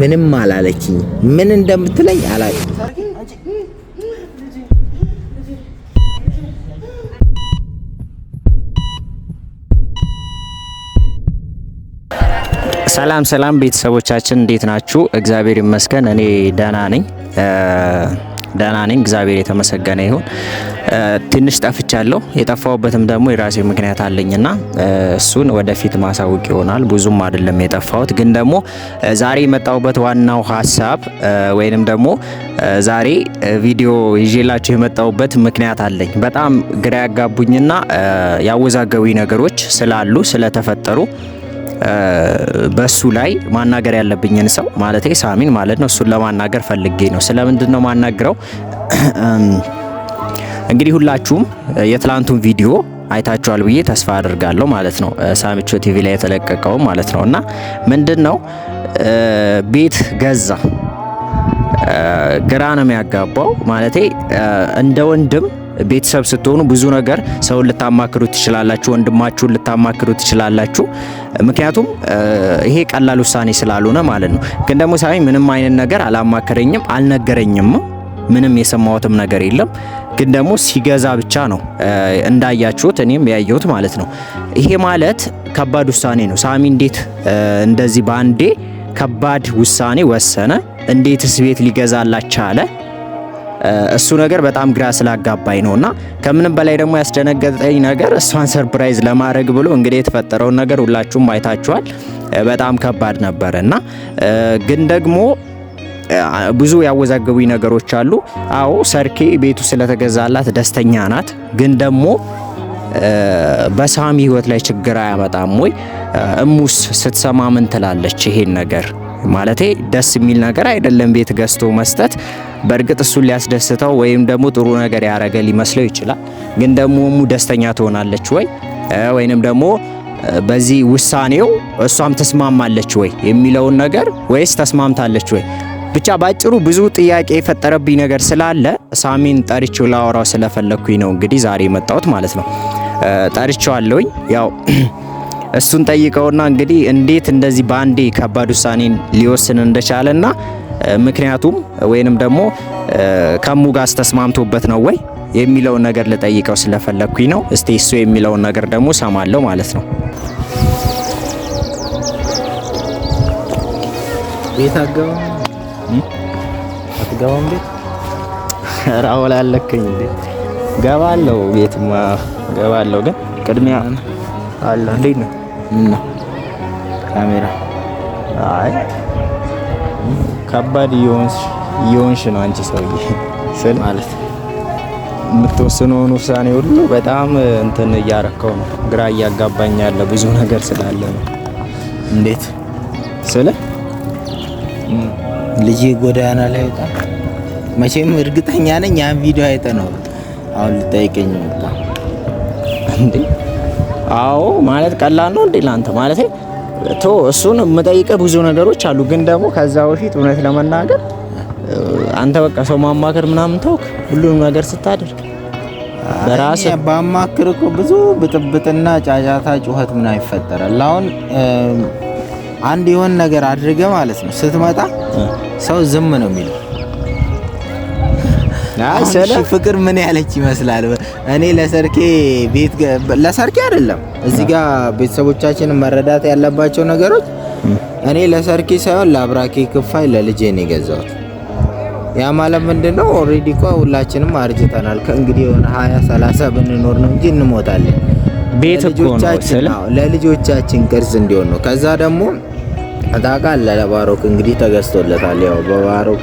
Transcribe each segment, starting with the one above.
ምንም አላለችኝ። ምን እንደምትለኝ አላውቅም። ሰላም ሰላም ቤተሰቦቻችን እንዴት ናችሁ? እግዚአብሔር ይመስገን እኔ ደህና ነኝ። ደህና ነኝ፣ እግዚአብሔር የተመሰገነ ይሁን። ትንሽ ጠፍቻለሁ። የጠፋሁበትም ደግሞ የራሴ ምክንያት አለኝና እሱን ወደፊት ማሳወቅ ይሆናል። ብዙም አይደለም የጠፋሁት፣ ግን ደግሞ ዛሬ የመጣሁበት ዋናው ሀሳብ ወይንም ደግሞ ዛሬ ቪዲዮ ይዤላችሁ የመጣሁበት ምክንያት አለኝ። በጣም ግራ ያጋቡኝና ያወዛገቡኝ ነገሮች ስላሉ ስለተፈጠሩ በሱ ላይ ማናገር ያለብኝን ሰው ማለት ሳሚን ማለት ነው እሱን ለማናገር ፈልጌ ነው። ስለምንድን ነው ማናግረው? እንግዲህ ሁላችሁም የትላንቱን ቪዲዮ አይታችኋል ብዬ ተስፋ አድርጋለሁ ማለት ነው። ሳሚቾ ቲቪ ላይ የተለቀቀው ማለት ነው። እና ምንድን ነው ቤት ገዛ ግራ ነው የሚያጋባው ማለት እንደ ወንድም ቤተሰብ ስትሆኑ ብዙ ነገር ሰውን ልታማክሩ ትችላላችሁ፣ ወንድማችሁን ልታማክሩ ትችላላችሁ። ምክንያቱም ይሄ ቀላል ውሳኔ ስላልሆነ ማለት ነው። ግን ደግሞ ሳሚ ምንም አይነት ነገር አላማከረኝም፣ አልነገረኝም፣ ምንም የሰማሁትም ነገር የለም። ግን ደግሞ ሲገዛ ብቻ ነው እንዳያችሁት፣ እኔም ያየሁት ማለት ነው። ይሄ ማለት ከባድ ውሳኔ ነው። ሳሚ እንዴት እንደዚህ በአንዴ ከባድ ውሳኔ ወሰነ? እንዴትስ ቤት ሊገዛላች ቻለ? እሱ ነገር በጣም ግራ ስላጋባኝ ነው። እና ከምንም በላይ ደግሞ ያስደነገጠኝ ነገር እሷን ሰርፕራይዝ ለማድረግ ብሎ እንግዲህ የተፈጠረውን ነገር ሁላችሁም አይታችኋል። በጣም ከባድ ነበር እና ግን ደግሞ ብዙ ያወዛገቡኝ ነገሮች አሉ። አዎ ሰርኬ ቤቱ ስለተገዛላት ደስተኛ ናት። ግን ደግሞ በሳሚ ህይወት ላይ ችግር አያመጣም ወይ? እሙስ ስትሰማ ምን ትላለች ይሄን ነገር? ማለቴ ደስ የሚል ነገር አይደለም ቤት ገዝቶ መስጠት። በእርግጥ እሱን ሊያስደስተው ወይም ደግሞ ጥሩ ነገር ያደረገ ሊመስለው ይችላል። ግን ደግሞ ደስተኛ ትሆናለች ወይ ወይንም ደግሞ በዚህ ውሳኔው እሷም ተስማማለች ወይ የሚለውን ነገር ወይስ ተስማምታለች ወይ ብቻ ባጭሩ ብዙ ጥያቄ የፈጠረብኝ ነገር ስላለ ሳሚን ጠርቼው ላወራው ስለፈለግኩኝ ነው እንግዲህ ዛሬ የመጣሁት ማለት ነው። ጠርቼዋለሁኝ ያው እሱን ጠይቀውና እንግዲህ እንዴት እንደዚህ በአንዴ ከባድ ውሳኔን ሊወስን እንደቻለና ምክንያቱም ወይንም ደግሞ ከሙ ጋስ ተስማምቶበት ነው ወይ የሚለውን ነገር ልጠይቀው ስለፈለግኩኝ ነው። እስቲ እሱ የሚለውን ነገር ደግሞ ሰማለሁ ማለት ነው። ቤት አትገባም አትገባም ቤት ራውል አለከኝ እንዴ ገባለው ቤትማ ገባለው፣ ግን ቅድሚያ አለ እንዴት ነው ምነው ካሜራ? አይ ከባድ እየሆንሽ ነው አንቺ ሰውዬ ስል ማለት የምትወስነውን ውሳኔ ሁሉ በጣም እንትን እያረከው ነው። ግራ እያጋባኝ ያለ ብዙ ነገር ስላለ ነው። እንዴት ስለ ጎዳና ላይ ወጣ። መቼም እርግጠኛ ነኝ ያን ቪዲዮ አይተ ነው አሁን ልጠይቀኝ ወጣ እንዴ አዎ ማለት ቀላል ነው እንዴ ላንተ ማለት ቶ እሱን የምጠይቅህ ብዙ ነገሮች አሉ። ግን ደግሞ ከዛ በፊት እውነት ለመናገር አንተ በቃ ሰው ማማከር ምናምን ተውክ። ሁሉንም ነገር ስታደርግ በራስህ ባማክር እኮ ብዙ ብጥብጥና ጫጫታ ጩኸት ምን ይፈጠራል። አሁን አንድ የሆን ነገር አድርገ ማለት ነው ስትመጣ ሰው ዝም ነው የሚለው። ፍቅር ምን ያለች ይመስላል እኔ ለሰርኬ ቤት ለሰርኬ አይደለም እዚህ ጋር ቤተሰቦቻችንን መረዳት ያለባቸው ነገሮች እኔ ለሰርኬ ሳይሆን ለአብራኬ ክፋይ ለልጄ ነው የገዛሁት። ያ ማለት ምንድነው? ነው? ኦልሬዲ እኮ ሁላችንም አርጅተናል። ከእንግዲህ የሆነ ሀያ 30 ብንኖር ነው እንጂ እንሞታለን። ቤት እኮ ነው ለልጆቻችን ቅርስ እንዲሆን ነው። ከዛ ደግሞ ታውቃለህ ለባሮክ እንግዲህ ተገዝቶለታል ያው በባሮክ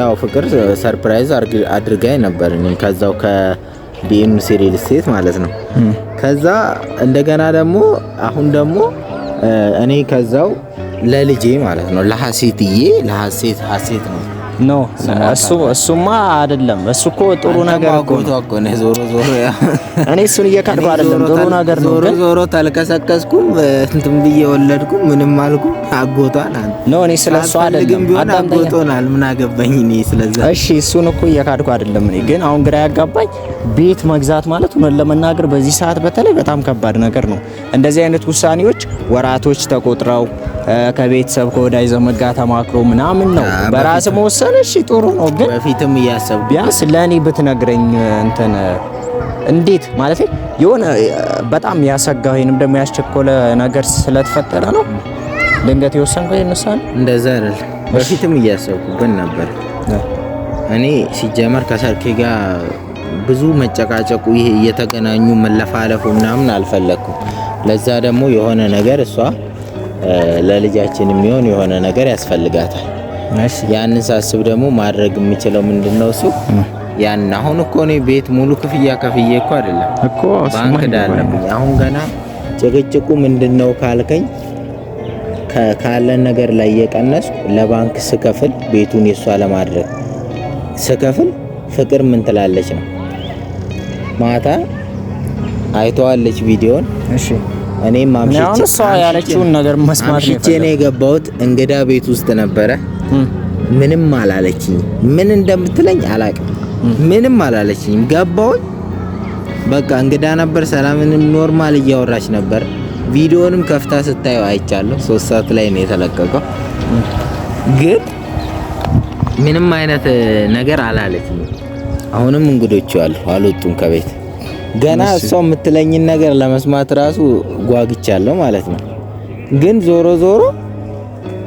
ያው ፍቅር ሰርፕራይዝ አድርጋኝ ነበር ከዛው ከቢኤም ሲሪል ስቴት ማለት ነው። ከዛ እንደገና ደግሞ አሁን ደግሞ እኔ ከዛው ለልጄ ማለት ነው ለሐሴትዬ ለሐሴት ሐሴት ነው ኖ እሱ እሱማ አይደለም። እሱ እኮ ጥሩ ነገር እኮ ነው። ዞሮ ዞሮ እኔ እሱን እየካድኩ አይደለም፣ ጥሩ ነገር ነው። ዞሮ ዞሮ ታልቀሰቀስኩም እንትም ብዬ ወለድኩም ምንም አልኩ። አጎቷን አን ነው። እኔ ስለሱ አይደለም አዳም ጎቶናል ምን አገባኝ እኔ ስለዛ። እሺ እሱን እኮ እየካድኩ አይደለም። እኔ ግን አሁን ግራ ያጋባኝ ቤት መግዛት ማለት እውነት ለመናገር በዚህ ሰዓት በተለይ በጣም ከባድ ነገር ነው። እንደዚህ አይነት ውሳኔዎች ወራቶች ተቆጥረው ከቤተሰብ ከወዳጅ ዘመድ ጋር ተማክሮ ምናምን ነው። በራስ መወሰን እሺ ጥሩ ነው፣ ግን በፊትም እያሰብ ቢያንስ ለእኔ ብትነግረኝ እንትን እንዴት ማለት የሆነ በጣም ያሰጋ ወይንም ደግሞ ያስቸኮለ ነገር ስለተፈጠረ ነው ድንገት የወሰንከው ይነሳል። እንደዛ አይደል? በፊትም ግን ነበር። እኔ ሲጀመር ከሰርኬ ጋር ብዙ መጨቃጨቁ ይሄ እየተገናኙ መለፋለፉ ምናምን አልፈለግኩም። ለዛ ደግሞ የሆነ ነገር እሷ ለልጃችን የሚሆን የሆነ ነገር ያስፈልጋታል። ያንን ሳስብ ደግሞ ማድረግ የምችለው ምንድነው እሱ ያን አሁን እኮ እኔ ቤት ሙሉ ክፍያ ከፍዬ እኮ አይደለም እኮ ባንክ ዳለብኝ። አሁን ገና ጭቅጭቁ ምንድነው ካልከኝ ካለን ነገር ላይ የቀነስኩ ለባንክ ስከፍል ቤቱን የሷ ለማድረግ ስከፍል ፍቅር ምን ትላለች ነው ማታ አይተዋለች ቪዲዮን። እሺ እኔም እሷ ያለችውን ነገር መስማት ነው እኔ የገባሁት። እንግዳ ቤት ውስጥ ነበረ። ምንም አላለችኝ። ምን እንደምትለኝ አላቅም። ምንም አላለችኝ። ገባሁኝ። በቃ እንግዳ ነበር። ሰላምንም ኖርማል እያወራች ነበር። ቪዲዮንም ከፍታ ስታዩ አይቻለሁ። ሶስት ሰዓት ላይ ነው የተለቀቀው። ግን ምንም አይነት ነገር አላለችኝ። አሁንም እንግዶቹ አሉ አልወጡም ከቤት ገና እሷ የምትለኝን ነገር ለመስማት ራሱ ጓግቻለሁ ማለት ነው። ግን ዞሮ ዞሮ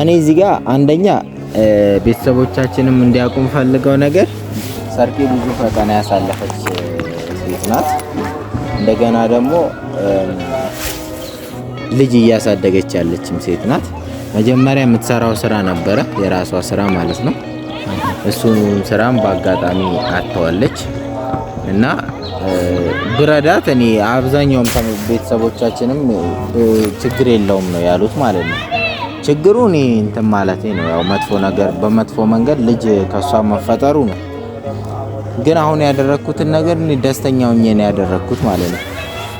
እኔ እዚህ ጋር አንደኛ ቤተሰቦቻችንም እንዲያውቁ ፈልገው ነገር ሰርኬ ብዙ ፈተና ያሳለፈች ሴት ናት። እንደገና ደግሞ ልጅ እያሳደገች ያለችም ሴት ናት። መጀመሪያ የምትሰራው ስራ ነበረ፣ የራሷ ስራ ማለት ነው። እሱን ስራም በአጋጣሚ አጥተዋለች። እና ብረዳት እኔ አብዛኛውም ቤተሰቦቻችንም ችግር የለውም ነው ያሉት ማለት ነው። ችግሩ እኔ እንትን ማለቴ ነው ያው መጥፎ ነገር በመጥፎ መንገድ ልጅ ከእሷ መፈጠሩ ነው። ግን አሁን ያደረግኩትን ነገር ደስተኛ ሆኜ ነው ያደረግኩት ማለት ነው።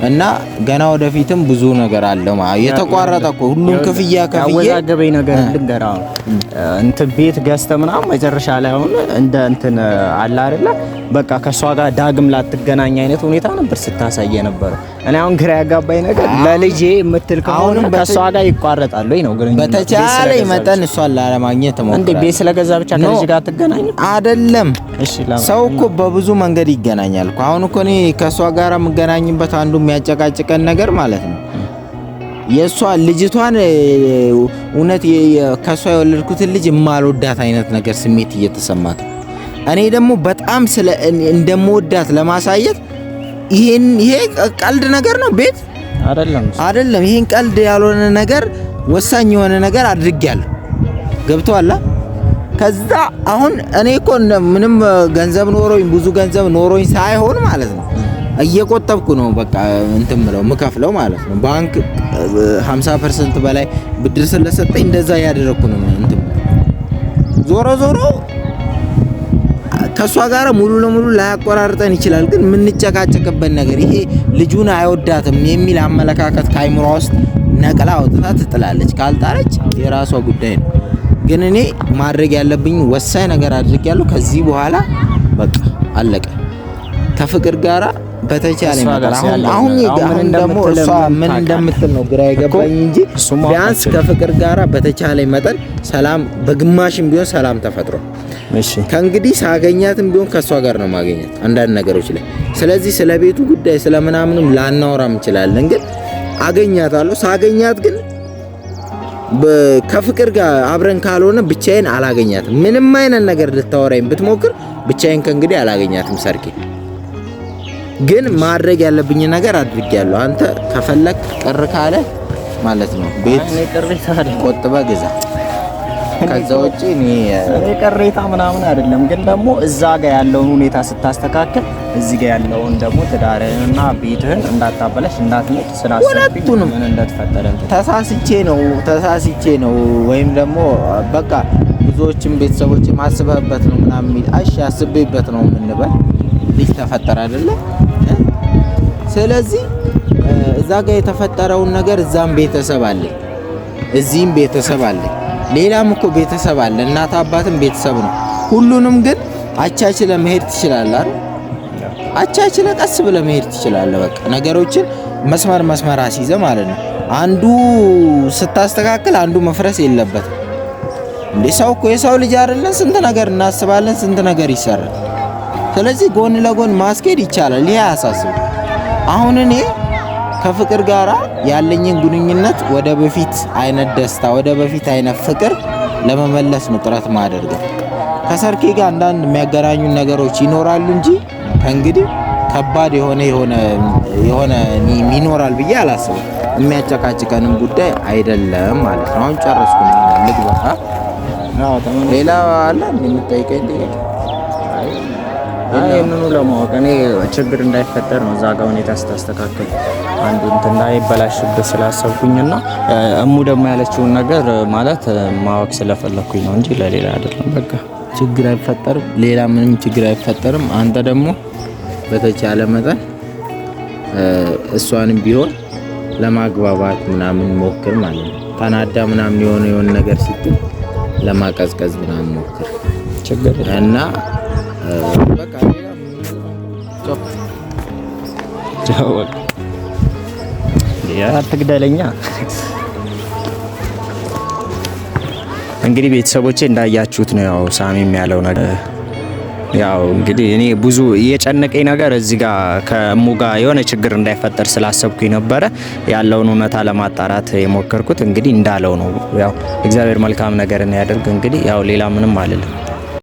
እና ገና ወደፊትም ብዙ ነገር አለ። የተቋረጠ እኮ ሁሉም ክፍያ ከፍዬ ያወዛገበኝ ነገር ልንገራ እንትን ቤት ገዝተ ምናምን መጨረሻ ላይ አሁን እንደ እንትን አለ አይደለ በቃ ከእሷ ጋር ዳግም ላትገናኝ አይነት ሁኔታ ነበር ስታሳየ ነበረ። እኔ አሁን ግራ ያጋባኝ ነገር ለልጄ የምትል ከሆነ ከእሷ ጋር ይቋረጣል ወይ ነው ግን በተቻለ መጠን እሷን ላለማግኘት ሞክራለሁ። እንዴ ቤት ስለገዛ ብቻ ከልጅ ጋር ትገናኝ አይደለም። ሰው እኮ በብዙ መንገድ ይገናኛል አሁን እኮ እኔ ከእሷ ጋር የምገናኝበት አንዱ የሚያጨቃጭቀን ነገር ማለት ነው። የእሷ ልጅቷን እውነት ከእሷ የወለድኩትን ልጅ የማልወዳት አይነት ነገር ስሜት እየተሰማት ነው። እኔ ደግሞ በጣም ስለ እንደምወዳት ለማሳየት ይሄን ይሄ ቀልድ ነገር ነው ቤት አይደለም አይደለም። ይሄን ቀልድ ያልሆነ ነገር ወሳኝ የሆነ ነገር አድርጌያለሁ። ገብቶሃል? ከዛ አሁን እኔ እኮ ምንም ገንዘብ ኖሮኝ ብዙ ገንዘብ ኖሮኝ ሳይሆን ማለት ነው እየቆጠብኩ ነው በቃ እንትን ምለው ምከፍለው ማለት ነው። ባንክ 50% በላይ ብድር ስለሰጠኝ እንደዛ እያደረግኩ ነው እንትን ዞሮ ዞሮ ከእሷ ጋር ሙሉ ለሙሉ ላያቆራርጠን ይችላል። ግን የምንጨቃጨቅበት ነገር ይሄ ልጁን አይወዳትም የሚል አመለካከት ከአይምሯ ውስጥ ነቅላ አውጥታ ትጥላለች። ካልጣለች የራሷ ጉዳይ ነው። ግን እኔ ማድረግ ያለብኝ ወሳኝ ነገር አድርጌያለሁ። ከዚህ በኋላ በቃ አለቀ ከፍቅር ጋራ በተቻለ ይመጣል። አሁን አሁን ደግሞ እሷ ምን እንደምትል ነው ግራ የገባኝ እንጂ ቢያንስ ከፍቅር ጋራ በተቻለ መጠን ሰላም በግማሽም ቢሆን ሰላም ተፈጥሮ እሺ፣ ከእንግዲህ ሳገኛትም ቢሆን ከእሷ ጋር ነው ማገኘት አንዳንድ ነገሮች ላይ። ስለዚህ ስለ ቤቱ ጉዳይ ስለ ምናምንም ላናወራም እንችላለን፣ ግን አገኛታለሁ። ሳገኛት ግን ከፍቅር ጋር አብረን ካልሆነ ብቻዬን አላገኛትም። ምንም አይነት ነገር ልታወራኝ ብትሞክር ብቻዬን ከእንግዲህ አላገኛትም ሰርኬ ግን ማድረግ ያለብኝ ነገር አድርጌያለሁ። አንተ ከፈለክ ቅር ካለ ማለት ነው ቤት ቆጥበ ግዛ። ከዛ ውጪ እኔ ቅሬታ ምናምን አይደለም። ግን ደግሞ እዛ ጋር ያለውን ሁኔታ ስታስተካከል እዚህ ጋር ያለውን ደግሞ ትዳርህንና ቤትህን እንዳታበለሽ እንዳትሞት ስላሰብኩኝ ምን እንደተፈጠረ ተሳስቼ ነው ተሳስቼ ነው ወይም ደግሞ በቃ ብዙዎችም ቤተሰቦች ማስበህበት ነው ምናምን እሺ አስቤበት ነው የምንበል ልጅ ተፈጠረ አይደለ? ስለዚህ እዛ ጋር የተፈጠረውን ነገር እዛም ቤተሰብ አለ፣ እዚህም ቤተሰብ አለ፣ ሌላም እኮ ቤተሰብ አለ። እናት አባትም ቤተሰብ ነው። ሁሉንም ግን አቻችለ መሄድ ትችላለህ አይደል? አቻችለ ቀስ ብለ መሄድ ትችላለህ። በቃ ነገሮችን መስመር መስመር አስይዘህ ማለት ነው። አንዱ ስታስተካክል አንዱ መፍረስ የለበትም። እንዴ ሰው እኮ የሰው ልጅ አይደለን? ስንት ነገር እናስባለን፣ ስንት ነገር ይሰራል። ስለዚህ ጎን ለጎን ማስኬድ ይቻላል። ይሄ አያሳስብ። አሁን እኔ ከፍቅር ጋር ያለኝን ግንኙነት ወደ በፊት አይነት ደስታ፣ ወደ በፊት አይነት ፍቅር ለመመለስ ነው ጥረት ማደርገው። ከሰርኬ ጋር አንዳንድ የሚያገናኙ ነገሮች ይኖራሉ እንጂ ከእንግዲህ ከባድ የሆነ የሆነ ይኖራል ብዬ አላስብም። የሚያጨቃጭቀንም ጉዳይ አይደለም ማለት ነው። አሁን ጨረስኩ፣ ልግባ። ሌላ አለ የምጠይቀኝ ይህንኑ ለማወቅ እኔ ችግር እንዳይፈጠር ነው እዛ ጋ ሁኔታ ስታስተካከል አንዱ እንትን እንዳይበላሽብህ ስላሰብኩኝ እሙ ደግሞ ያለችውን ነገር ማለት ማወቅ ስለፈለግኩኝ ነው እንጂ ለሌላ አይደለም። በቃ ችግር አይፈጠርም፣ ሌላ ምንም ችግር አይፈጠርም። አንተ ደግሞ በተቻለ መጠን እሷንም ቢሆን ለማግባባት ምናምን ሞክር ማለት ነው። ተናዳ ምናምን የሆነ የሆነ ነገር ስትል ለማቀዝቀዝ ምናምን ሞክር ችግር እና በቃ አትግደለኛ። እንግዲህ ቤተሰቦቼ እንዳያችሁት ነው። ያው ሳሚም ያለው ነገር ያው እንግዲህ እኔ ብዙ የጨነቀኝ ነገር እዚህ ጋር ከእሙ ጋር የሆነ ችግር እንዳይፈጠር ስላሰብኩኝ ነበረ ያለውን እውነታ ለማጣራት የሞከርኩት። እንግዲህ እንዳለው ነው። ያው እግዚአብሔር መልካም ነገርን ያደርግ። እንግዲህ ያው ሌላ ምንም አልልም።